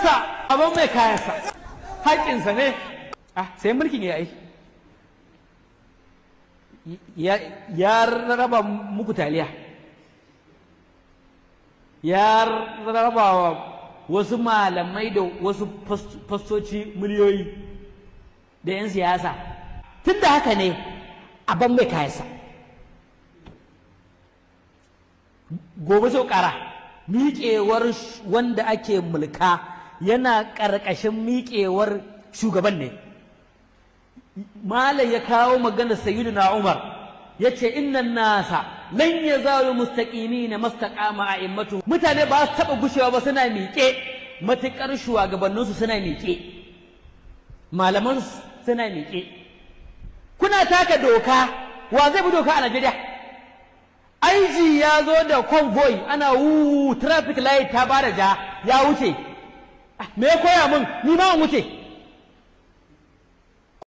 sa abin mai kayansa haƙinsa ne a ah, sai mulkin ya yi ya raba muku taliya ya raba wa wasu malamai da wasu fastoci miliyoyi da 'yan siyasa tun da haka ne abin mai kayansa gobe sau ƙara miƙewar wanda ake mulka yana ƙarƙashin miƙewar shugaban ne malam ya kawo magana na umar ya ce nasa nan ya zalu mustaƙimi na mastaƙama a mutane ba su taɓa gushewa ba suna miƙe matuƙar shugabanninsu suna miƙe malamansu suna miƙe kuna taka doka wa zai bi doka a najeriya aiji ya zo da convoy ana wu traffic light ta bada ja ya wuce 没关呀，妈，你帮我解。